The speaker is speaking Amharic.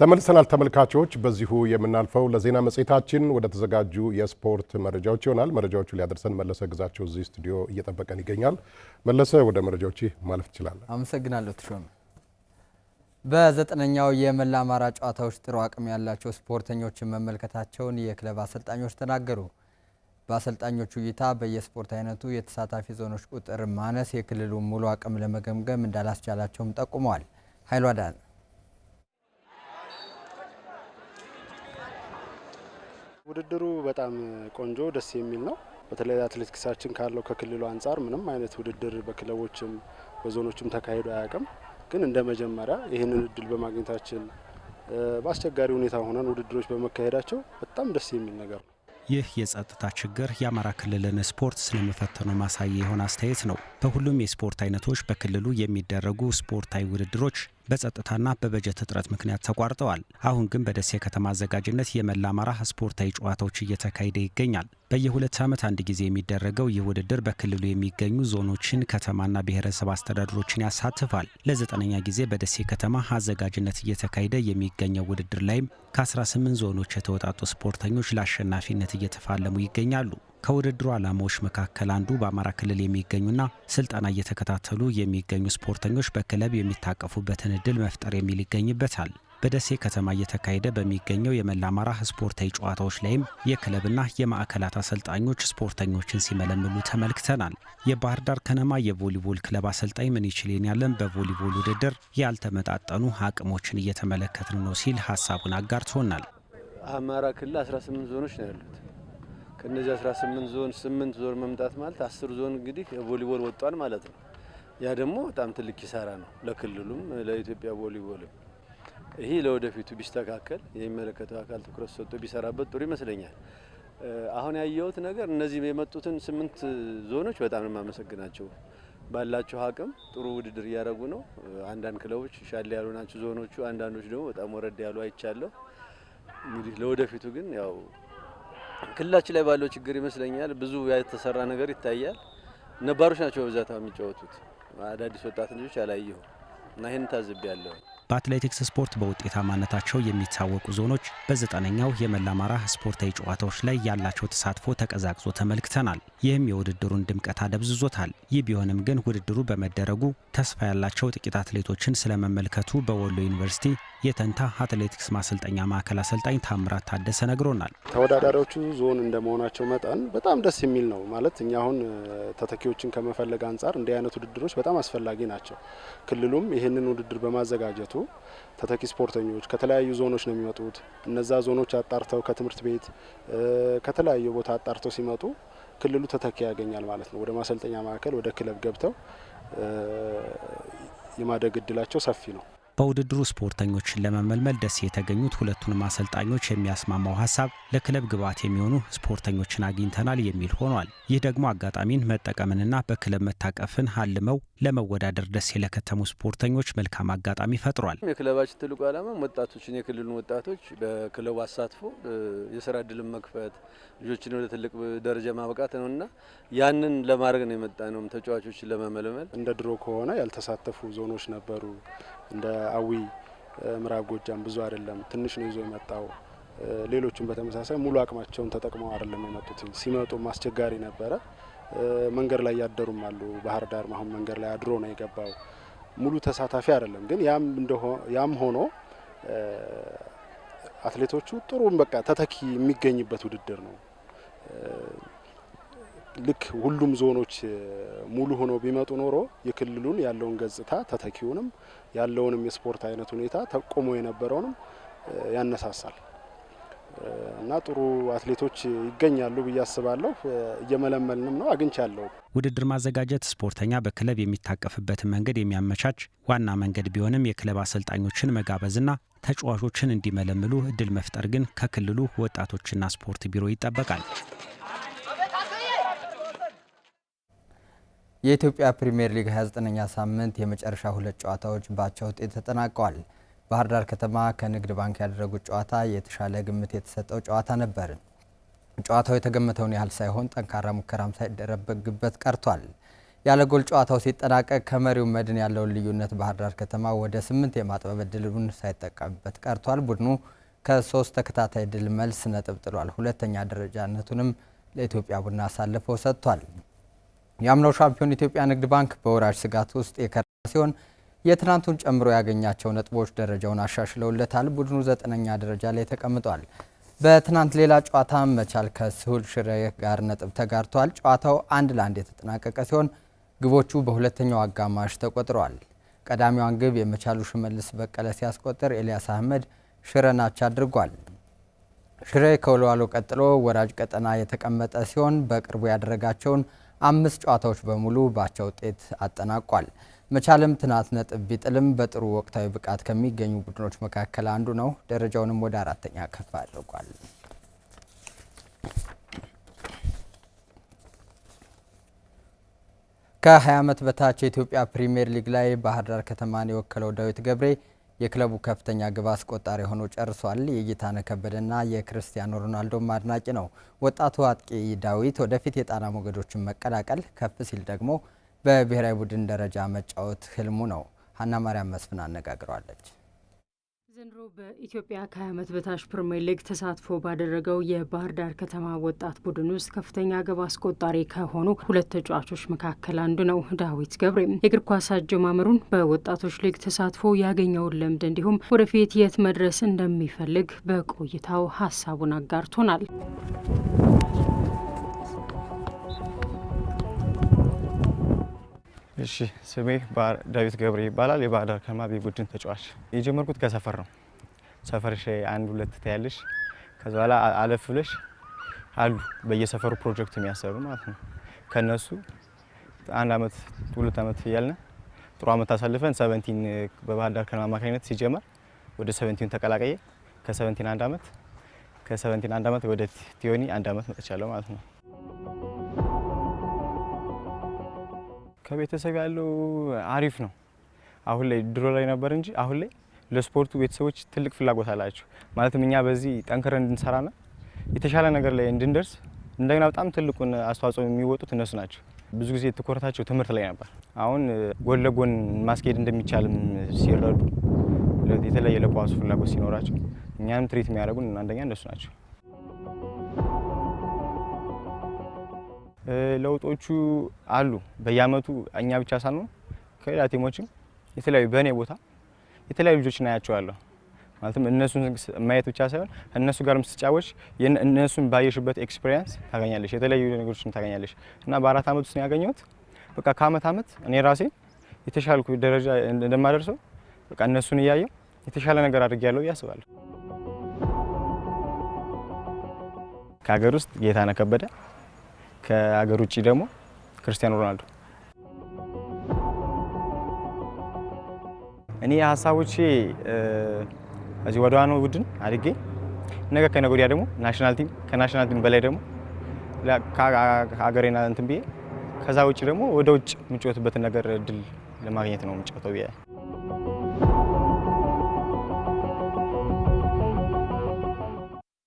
ተመልሰናል ተመልካቾች። በዚሁ የምናልፈው ለዜና መጽሔታችን ወደ ተዘጋጁ የስፖርት መረጃዎች ይሆናል። መረጃዎቹ ሊያደርሰን መለሰ ግዛቸው እዚህ ስቱዲዮ እየጠበቀን ይገኛል። መለሰ፣ ወደ መረጃዎች ማለፍ ትችላለህ። አመሰግናለሁ ትሾም። በዘጠነኛው የመላ አማራ ጨዋታዎች ጥሩ አቅም ያላቸው ስፖርተኞችን መመልከታቸውን የክለብ አሰልጣኞች ተናገሩ። በአሰልጣኞቹ እይታ በየስፖርት አይነቱ የተሳታፊ ዞኖች ቁጥር ማነስ የክልሉ ሙሉ አቅም ለመገምገም እንዳላስቻላቸውም ጠቁመዋል። ኃይሉ አዳነ ውድድሩ በጣም ቆንጆ ደስ የሚል ነው። በተለይ አትሌቲክሳችን ካለው ከክልሉ አንጻር ምንም አይነት ውድድር በክለቦችም በዞኖችም ተካሂዶ አያውቅም። ግን እንደ መጀመሪያ ይህንን እድል በማግኘታችን በአስቸጋሪ ሁኔታ ሆነን ውድድሮች በመካሄዳቸው በጣም ደስ የሚል ነገር ነው። ይህ የጸጥታ ችግር የአማራ ክልልን ስፖርት ስለመፈተኑ ማሳያ የሆነ አስተያየት ነው። በሁሉም የስፖርት አይነቶች በክልሉ የሚደረጉ ስፖርታዊ ውድድሮች በጸጥታና በበጀት እጥረት ምክንያት ተቋርጠዋል። አሁን ግን በደሴ ከተማ አዘጋጅነት የመላ አማራ ስፖርታዊ ጨዋታዎች እየተካሄደ ይገኛል። በየሁለት ዓመት አንድ ጊዜ የሚደረገው ይህ ውድድር በክልሉ የሚገኙ ዞኖችን፣ ከተማና ብሔረሰብ አስተዳደሮችን ያሳትፋል። ለዘጠነኛ ጊዜ በደሴ ከተማ አዘጋጅነት እየተካሄደ የሚገኘው ውድድር ላይም ከ18 ዞኖች የተወጣጡ ስፖርተኞች ለአሸናፊነት እየተፋለሙ ይገኛሉ። ከውድድሩ ዓላማዎች መካከል አንዱ በአማራ ክልል የሚገኙና ስልጠና እየተከታተሉ የሚገኙ ስፖርተኞች በክለብ የሚታቀፉበትን እድል መፍጠር የሚል ይገኝበታል። በደሴ ከተማ እየተካሄደ በሚገኘው የመላ አማራ ስፖርታዊ ጨዋታዎች ላይም የክለብና የማዕከላት አሰልጣኞች ስፖርተኞችን ሲመለምሉ ተመልክተናል። የባህር ዳር ከነማ የቮሊቦል ክለብ አሰልጣኝ ምን ይችልን ያለን በቮሊቦል ውድድር ያልተመጣጠኑ አቅሞችን እየተመለከትን ነው ሲል ሀሳቡን አጋርቶናል። አማራ ክልል 18 ዞኖች ነው ያሉት ከነዚህ 18 ዞን 8 ዞን መምጣት ማለት 10 ዞን እንግዲህ ቮሊቦል ወጧል ማለት ነው። ያ ደግሞ በጣም ትልቅ ኪሳራ ነው ለክልሉም ለኢትዮጵያ ቮሊቦልም። ይህ ለወደፊቱ ቢስተካከል የሚመለከተው አካል ትኩረት ሰጥቶ ቢሰራበት ጥሩ ይመስለኛል። አሁን ያየሁት ነገር እነዚህ የመጡትን ስምንት ዞኖች በጣም ነው የማመሰግናቸው። ባላቸው አቅም ጥሩ ውድድር እያደረጉ ነው። አንዳንድ ክለቦች ሻል ያሉ ናቸው ዞኖቹ፣ አንዳንዶች ደግሞ በጣም ወረድ ያሉ አይቻለሁ። እንግዲህ ለወደፊቱ ግን ያው ክልላችን ላይ ባለው ችግር ይመስለኛል ብዙ የተሰራ ነገር ይታያል። ነባሮች ናቸው በብዛት የሚጫወቱት። አዳዲስ ወጣት ልጆች አላየሁም እና ይህን ታዝቤያለሁ። በአትሌቲክስ ስፖርት በውጤታማነታቸው የሚታወቁ ዞኖች በዘጠነኛው የመላ አማራ ስፖርታዊ ጨዋታዎች ላይ ያላቸው ተሳትፎ ተቀዛቅዞ ተመልክተናል። ይህም የውድድሩን ድምቀት አደብዝዞታል። ይህ ቢሆንም ግን ውድድሩ በመደረጉ ተስፋ ያላቸው ጥቂት አትሌቶችን ስለመመልከቱ በወሎ ዩኒቨርሲቲ የተንታ አትሌቲክስ ማሰልጠኛ ማዕከል አሰልጣኝ ታምራት ታደሰ ነግሮናል። ተወዳዳሪዎቹ ዞን እንደመሆናቸው መጠን በጣም ደስ የሚል ነው ማለት እኛ አሁን ተተኪዎችን ከመፈለግ አንጻር እንዲህ አይነት ውድድሮች በጣም አስፈላጊ ናቸው። ክልሉም ይህንን ውድድር በማዘጋጀት ሲመጡ ተተኪ ስፖርተኞች ከተለያዩ ዞኖች ነው የሚመጡት። እነዛ ዞኖች አጣርተው ከትምህርት ቤት ከተለያዩ ቦታ አጣርተው ሲመጡ ክልሉ ተተኪ ያገኛል ማለት ነው። ወደ ማሰልጠኛ ማዕከል ወደ ክለብ ገብተው የማደግ እድላቸው ሰፊ ነው። በውድድሩ ስፖርተኞችን ለመመልመል ደሴ የተገኙት ሁለቱንም አሰልጣኞች የሚያስማማው ሀሳብ ለክለብ ግብዓት የሚሆኑ ስፖርተኞችን አግኝተናል የሚል ሆኗል። ይህ ደግሞ አጋጣሚን መጠቀምንና በክለብ መታቀፍን አልመው ለመወዳደር ደሴ ለከተሙ ስፖርተኞች መልካም አጋጣሚ ፈጥሯል። የክለባችን ትልቁ ዓላማ ወጣቶችን የክልሉን ወጣቶች በክለቡ አሳትፎ የስራ እድልን መክፈት ልጆችን ወደ ትልቅ ደረጃ ማብቃት ነውና ያንን ለማድረግ ነው የመጣ ነው። ተጫዋቾችን ለመመልመል እንደ ድሮ ከሆነ ያልተሳተፉ ዞኖች ነበሩ። እንደ አዊ ምዕራብ ጎጃም ብዙ አይደለም፣ ትንሽ ነው ይዞ የመጣው። ሌሎቹም በተመሳሳይ ሙሉ አቅማቸውን ተጠቅመው አይደለም የመጡት። ሲመጡም አስቸጋሪ ነበረ። መንገድ ላይ ያደሩም አሉ። ባህር ዳር አሁን መንገድ ላይ አድሮ ነው የገባው። ሙሉ ተሳታፊ አይደለም፣ ግን ያም ሆኖ አትሌቶቹ ጥሩም በቃ ተተኪ የሚገኝበት ውድድር ነው። ልክ ሁሉም ዞኖች ሙሉ ሆነው ቢመጡ ኖሮ የክልሉን ያለውን ገጽታ ተተኪውንም ያለውንም የስፖርት አይነት ሁኔታ ተቆሞ የነበረውንም ያነሳሳል እና ጥሩ አትሌቶች ይገኛሉ ብዬ አስባለሁ። እየመለመልንም ነው፣ አግኝቻለሁ። ውድድር ማዘጋጀት ስፖርተኛ በክለብ የሚታቀፍበትን መንገድ የሚያመቻች ዋና መንገድ ቢሆንም የክለብ አሰልጣኞችን መጋበዝና ተጫዋቾችን እንዲመለምሉ እድል መፍጠር ግን ከክልሉ ወጣቶችና ስፖርት ቢሮ ይጠበቃል። የኢትዮጵያ ፕሪምየር ሊግ 29ኛ ሳምንት የመጨረሻ ሁለት ጨዋታዎች ባቻ ውጤት ተጠናቀዋል። ባህር ዳር ከተማ ከንግድ ባንክ ያደረጉት ጨዋታ የተሻለ ግምት የተሰጠው ጨዋታ ነበር። ጨዋታው የተገመተውን ያህል ሳይሆን ጠንካራ ሙከራም ሳይደረበግበት ቀርቷል። ያለ ጎል ጨዋታው ሲጠናቀቅ ከመሪው መድን ያለውን ልዩነት ባህር ዳር ከተማ ወደ ስምንት የማጥበብ እድሉን ሳይጠቀምበት ቀርቷል። ቡድኑ ከሶስት ተከታታይ ድል መልስ ነጥብ ጥሏል። ሁለተኛ ደረጃነቱንም ለኢትዮጵያ ቡና አሳልፎ ሰጥቷል። የአምናው ሻምፒዮን ኢትዮጵያ ንግድ ባንክ በወራጅ ስጋት ውስጥ የከረመ ሲሆን የትናንቱን ጨምሮ ያገኛቸው ነጥቦች ደረጃውን አሻሽለውለታል። ቡድኑ ዘጠነኛ ደረጃ ላይ ተቀምጧል። በትናንት ሌላ ጨዋታ መቻል ከስሁል ሽሬ ጋር ነጥብ ተጋርቷል። ጨዋታው አንድ ለአንድ የተጠናቀቀ ሲሆን ግቦቹ በሁለተኛው አጋማሽ ተቆጥረዋል። ቀዳሚዋን ግብ የመቻሉ ሽመልስ በቀለ ሲያስቆጥር ኤልያስ አህመድ ሽረናች አድርጓል። ሽሬ ከወልዋሎ ቀጥሎ ወራጅ ቀጠና የተቀመጠ ሲሆን በቅርቡ ያደረጋቸውን አምስት ጨዋታዎች በሙሉ ባቻ ውጤት አጠናቋል። መቻልም ትናንት ነጥብ ቢጥልም በጥሩ ወቅታዊ ብቃት ከሚገኙ ቡድኖች መካከል አንዱ ነው። ደረጃውንም ወደ አራተኛ ከፍ አድርጓል። ከ20 ዓመት በታች የኢትዮጵያ ፕሪምየር ሊግ ላይ ባህር ዳር ከተማን የወከለው ዳዊት ገብሬ የክለቡ ከፍተኛ ግብ አስቆጣሪ ሆኖ ጨርሷል። የጌታነህ ከበደና የክርስቲያኖ ሮናልዶም አድናቂ ነው። ወጣቱ አጥቂ ዳዊት ወደፊት የጣና ሞገዶችን መቀላቀል፣ ከፍ ሲል ደግሞ በብሔራዊ ቡድን ደረጃ መጫወት ህልሙ ነው። ሀና ማርያም መስፍን አነጋግረዋለች። ዘንድሮ በኢትዮጵያ ከዓመት በታች ፕሪምየር ሊግ ተሳትፎ ባደረገው የባህር ዳር ከተማ ወጣት ቡድን ውስጥ ከፍተኛ ግብ አስቆጣሪ ከሆኑ ሁለት ተጫዋቾች መካከል አንዱ ነው ዳዊት ገብሬ። የእግር ኳስ አጀማመሩን በወጣቶች ሊግ ተሳትፎ ያገኘውን ልምድ እንዲሁም ወደፊት የት መድረስ እንደሚፈልግ በቆይታው ሀሳቡን አጋርቶናል። እሺ ስሜ ዳዊት ገብሬ ይባላል። የባህር ዳር ከነማ ቤ ቡድን ተጫዋች። የጀመርኩት ከሰፈር ነው። ሰፈርሽ አንድ ሁለት ታያለሽ። ከዛ በኋላ አለፍ ብለሽ አሉ በየሰፈሩ ፕሮጀክት የሚያሰሩ ማለት ነው። ከነሱ አንድ አመት ሁለት አመት እያልን ጥሩ አመት አሳልፈን ሰቨንቲን በባህር ዳር ከነማ አማካኝነት ሲጀመር ወደ ሰቨንቲን ተቀላቀየ። ከሰቨንቲን አንድ አመት ከሰቨንቲን አንድ አመት ወደ ቲዮኒ አንድ አመት መጥቻለሁ ማለት ነው። ከቤተሰብ ያለው አሪፍ ነው። አሁን ላይ ድሮ ላይ ነበር እንጂ አሁን ላይ ለስፖርቱ ቤተሰቦች ትልቅ ፍላጎት አላቸው። ማለትም እኛ በዚህ ጠንክረን እንድንሰራና የተሻለ ነገር ላይ እንድንደርስ እንደገና በጣም ትልቁን አስተዋጽኦ የሚወጡት እነሱ ናቸው። ብዙ ጊዜ ትኩረታቸው ትምህርት ላይ ነበር። አሁን ጎን ለጎን ማስኬድ እንደሚቻልም ሲረዱ የተለየ ለኳሱ ፍላጎት ሲኖራቸው እኛንም ትርኢት የሚያደርጉን አንደኛ እነሱ ናቸው። ለውጦቹ አሉ። በየአመቱ እኛ ብቻ ሳንሆን ከሌላ ቲሞችም የተለያዩ በእኔ ቦታ የተለያዩ ልጆች እናያቸዋለሁ። ማለትም እነሱን ማየት ብቻ ሳይሆን እነሱ ጋርም ስትጫወች እነሱን ባየሽበት ኤክስፔሪንስ ታገኛለች። የተለያዩ ነገሮችን ታገኛለች። እና በአራት አመት ውስጥ ያገኘሁት በቃ ከአመት አመት እኔ ራሴ የተሻልኩ ደረጃ እንደማደርሰው በቃ እነሱን እያየው የተሻለ ነገር አድርጌያለሁ ብዬ አስባለሁ። ከሀገር ውስጥ ጌታነህ ከበደ ከሀገር ውጭ ደግሞ ክርስቲያኖ ሮናልዶ። እኔ ሀሳቦቼ እዚህ ወደ ዋናው ቡድን አድጌ ነገ ከነገ ወዲያ ደግሞ ናሽናል ቲም ከናሽናል ቲም በላይ ደግሞ ሀገሬና እንትን ብዬ ከዛ ውጭ ደግሞ ወደ ውጭ የምጫወትበትን ነገር እድል ለማግኘት ነው የምጫወተው ብዬ